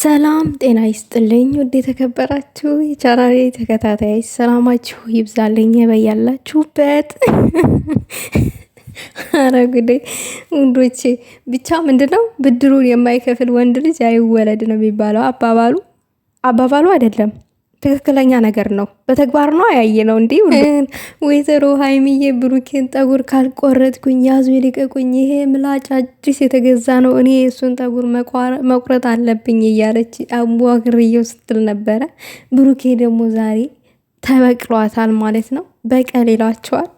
ሰላም ጤና ይስጥልኝ። ውድ የተከበራችሁ የቻናሌ ተከታታይ ሰላማችሁ ይብዛልኝ በያላችሁበት። አረ ጉዴ ወንዶቼ ብቻ ምንድን ነው ብድሩን የማይከፍል ወንድ ልጅ አይወለድ ነው የሚባለው አባባሉ አባባሉ አይደለም። ትክክለኛ ነገር ነው። በተግባር ነው ያየ ነው። እንዲ ወይዘሮ ሀይሚዬ ብሩኬን ጠጉር ካልቆረጥኩኝ ያዙ ይልቀቁኝ፣ ይሄ ምላጭ አዲስ የተገዛ ነው፣ እኔ የእሱን ጠጉር መቁረጥ አለብኝ እያለች አዋግሬው ስትል ነበረ። ብሩኬ ደግሞ ዛሬ ተበቅሏታል ማለት ነው። በቀል ይሏቸዋል።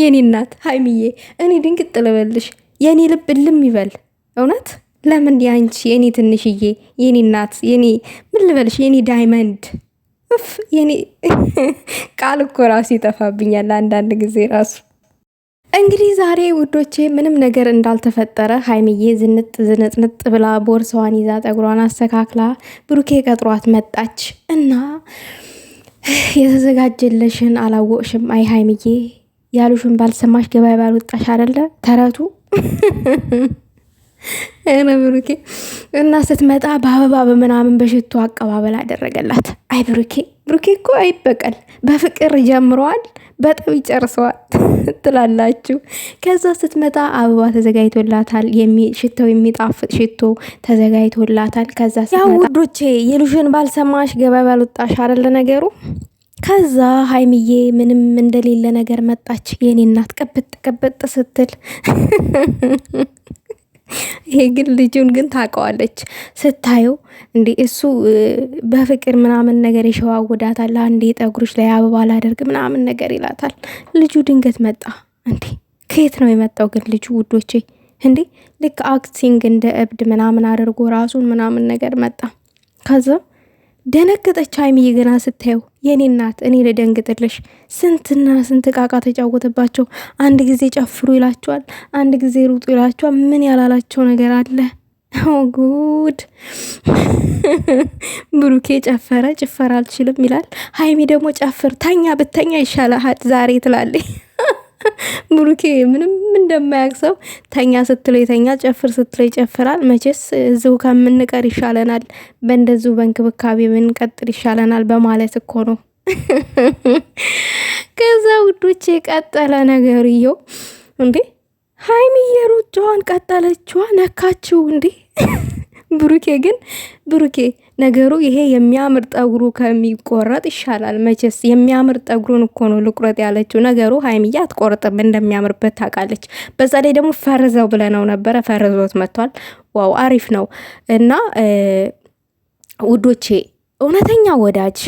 የኔ እናት ሀይሚዬ እኔ ድንቅ ጥልበልሽ የእኔ ልብ ልም ይበል እውነት ለምን ያንቺ የኔ ትንሽዬ የኔ እናት የኔ ምን ልበልሽ የኔ ዳይመንድ እፍ የኔ ቃል እኮ ራሱ ይጠፋብኛል አንዳንድ ጊዜ ራሱ። እንግዲህ ዛሬ ውዶቼ ምንም ነገር እንዳልተፈጠረ ሀይምዬ ዝንጥ ዝንጥንጥ ብላ ቦርሳዋን ይዛ ጠጉሯን አስተካክላ ብሩኬ ቀጥሯት መጣች እና የተዘጋጀለሽን አላወቅሽም። አይ ሀይምዬ ያሉሽን ባልሰማሽ ገበያ ባልወጣሽ አደለ ተረቱ ኧረ ብሩኬ እና ስትመጣ በአበባ በምናምን በሽቶ አቀባበል አደረገላት። አይ ብሩኬ ብሩኬ እኮ አይበቀል በፍቅር ጀምረዋል፣ በጠብ ይጨርሰዋል ትላላችሁ። ከዛ ስትመጣ አበባ ተዘጋጅቶላታል፣ ሽታው የሚጣፍጥ ሽቶ ተዘጋጅቶላታል። ከዛ ያው ውዶቼ የሉሽን ባልሰማሽ ገበያ ባልወጣሽ አለ ነገሩ። ከዛ ሀይምዬ ምንም እንደሌለ ነገር መጣች። የኔ እናት ቀበጥ ቀበጥ ስትል ይሄ ግን ልጁን ግን ታውቀዋለች። ስታየው እንዴ እሱ በፍቅር ምናምን ነገር ይሸዋውዳታል። አንዴ ጠጉሮች ላይ አበባ ላደርግ ምናምን ነገር ይላታል። ልጁ ድንገት መጣ። እንዴ ከየት ነው የመጣው ግን ልጁ ውዶቼ? እንዴ ልክ አክቲንግ እንደ እብድ ምናምን አድርጎ ራሱን ምናምን ነገር መጣ ከዛ ደነገጠች። ሀይሚዬ ገና ስታየው የኔ እናት እኔ ልደንግጥልሽ። ስንትና ስንት ቃቃ ተጫወተባቸው። አንድ ጊዜ ጨፍሩ ይላቸዋል፣ አንድ ጊዜ ሩጡ ይላቸዋል። ምን ያላላቸው ነገር አለ? ጉድ ብሩኬ ጨፈረ፣ ጭፈራ አልችልም ይላል። ሀይሚ ደግሞ ጨፍር፣ ተኛ ብተኛ ይሻልሃል ዛሬ ትላለች። ብሩኬ ምንም እንደማያውቅ ሰው ተኛ ስትለው ተኛ ጨፍር ስትለው ይጨፍራል። መቼስ እዚሁ ከምንቀር ይሻለናል፣ በእንደዚሁ በእንክብካቤ ብንቀጥል ይሻለናል በማለት እኮ ነው። ከዛ የቀጠለ ነገር ነገርየው እንዴ ሀይሚዬ ሩጫዋን ቀጠለችዋ ነካችው እንዴ ብሩኬ ግን ብሩኬ ነገሩ ይሄ የሚያምር ጠጉሩ ከሚቆረጥ ይሻላል። መቼስ የሚያምር ጠጉሩን እኮ ነው ልቁረጥ ያለችው። ነገሩ ሀይሚዬ አትቆርጥም፣ እንደሚያምርበት ታውቃለች። በዛ ላይ ደግሞ ፈርዘው ብለነው ነበረ፣ ፈርዞት መጥቷል። ዋው አሪፍ ነው እና ውዶቼ እውነተኛ ወዳጅ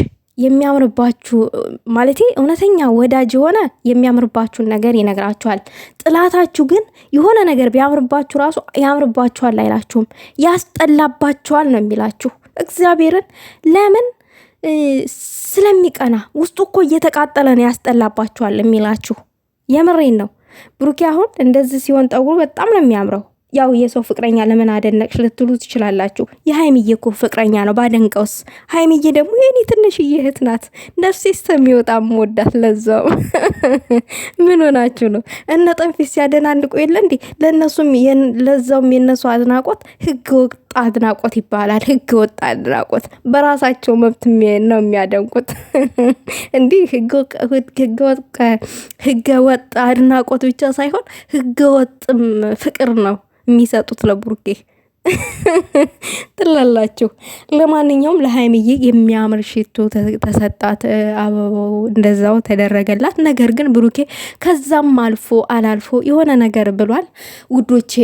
የሚያምርባችሁ ማለት እውነተኛ ወዳጅ የሆነ የሚያምርባችሁን ነገር ይነግራችኋል። ጥላታችሁ ግን የሆነ ነገር ቢያምርባችሁ ራሱ ያምርባችኋል አይላችሁም፣ ያስጠላባችኋል ነው የሚላችሁ። እግዚአብሔርን ለምን ስለሚቀና ውስጡ እኮ እየተቃጠለ ነው ያስጠላባችኋል የሚላችሁ። የምሬን ነው። ብሩኬ አሁን እንደዚህ ሲሆን ጠጉሩ በጣም ነው የሚያምረው። ያው የሰው ፍቅረኛ ለምን አደነቅሽ ልትሉ ትችላላችሁ። የሀይምዬ እኮ ፍቅረኛ ነው ባደንቀውስ። ሀይምዬ ደግሞ የኔ ትንሽዬ እህት ናት፣ ነፍሴ እስከሚወጣ መወዳት። ለዛው ምን ሆናችሁ ነው? እነ ጠንፊስ ሲያደናንቁ የለ እንዴ? ለእነሱም ለዛውም የነሱ አድናቆት ህግ ወጥ አድናቆት ይባላል። ህግ ወጥ አድናቆት በራሳቸው መብት ነው የሚያደንቁት። እንዲህ ህገ ወጥ አድናቆት ብቻ ሳይሆን ህገ ወጥም ፍቅር ነው። የሚሰጡት ለቡርኬ ትላላችሁ። ለማንኛውም ለሀይምዬ የሚያምር ሽቶ ተሰጣት፣ አበባው እንደዛው ተደረገላት። ነገር ግን ብሩኬ ከዛም አልፎ አላልፎ የሆነ ነገር ብሏል። ውዶቼ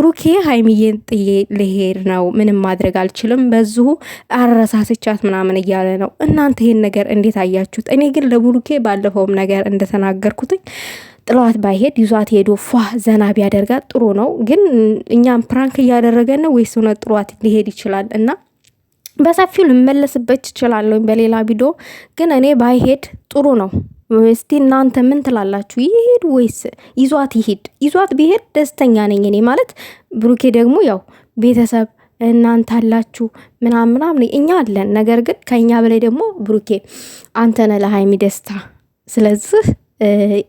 ብሩኬ ሀይምዬን ጥዬ ልሄድ ነው፣ ምንም ማድረግ አልችልም፣ በዚሁ አረሳስቻት ምናምን እያለ ነው። እናንተ ይሄን ነገር እንዴት አያችሁት? እኔ ግን ለብሩኬ ባለፈውም ነገር እንደተናገርኩትኝ ጥለዋት ባይሄድ ይዟት ሄዶ ፏ ዘና ቢያደርጋት ጥሩ ነው። ግን እኛም ፕራንክ እያደረገ ነው ወይስ እውነት ጥሏት ሊሄድ ይችላል? እና በሰፊው ልመለስበት ይችላለሁ በሌላ ቪዲዮ። ግን እኔ ባይሄድ ጥሩ ነው። እስቲ እናንተ ምን ትላላችሁ? ይሄድ ወይስ ይዟት ይሄድ? ይዟት ቢሄድ ደስተኛ ነኝ እኔ ማለት ብሩኬ ደግሞ ያው ቤተሰብ እናንተ አላችሁ ምናምን ምናምን እኛ አለን። ነገር ግን ከእኛ በላይ ደግሞ ብሩኬ አንተነ ለሀይሚ ደስታ ስለዚህ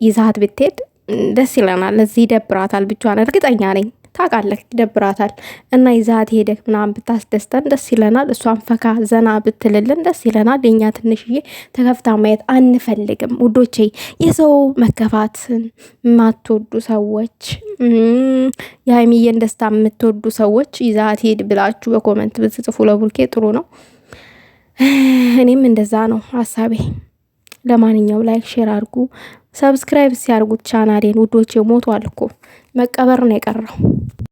ይዛት ብትሄድ ደስ ይለናል። እዚህ ይደብራታል፣ ብቻዋን እርግጠኛ ነኝ ታውቃለህ፣ ይደብራታል እና ይዛት ሄደህ ምናምን ብታስደስተን ደስ ይለናል። እሷን ፈካ ዘና ብትልልን ደስ ይለናል። የኛ ትንሽዬ ተከፍታ ማየት አንፈልግም ውዶቼ። የሰው መከፋትን የማትወዱ ሰዎች፣ የሀይሚዬን ደስታ የምትወዱ ሰዎች ይዛት ሄድ ብላችሁ በኮመንት ብትጽፉ ለቡርኬ ጥሩ ነው። እኔም እንደዛ ነው ሀሳቤ። ለማንኛውም ላይክ፣ ሼር አድርጉ። ሰብስክራይብ ሲያርጉት ቻናሌን ውዶቼ፣ ሞቷል እኮ መቀበር ነው የቀረው።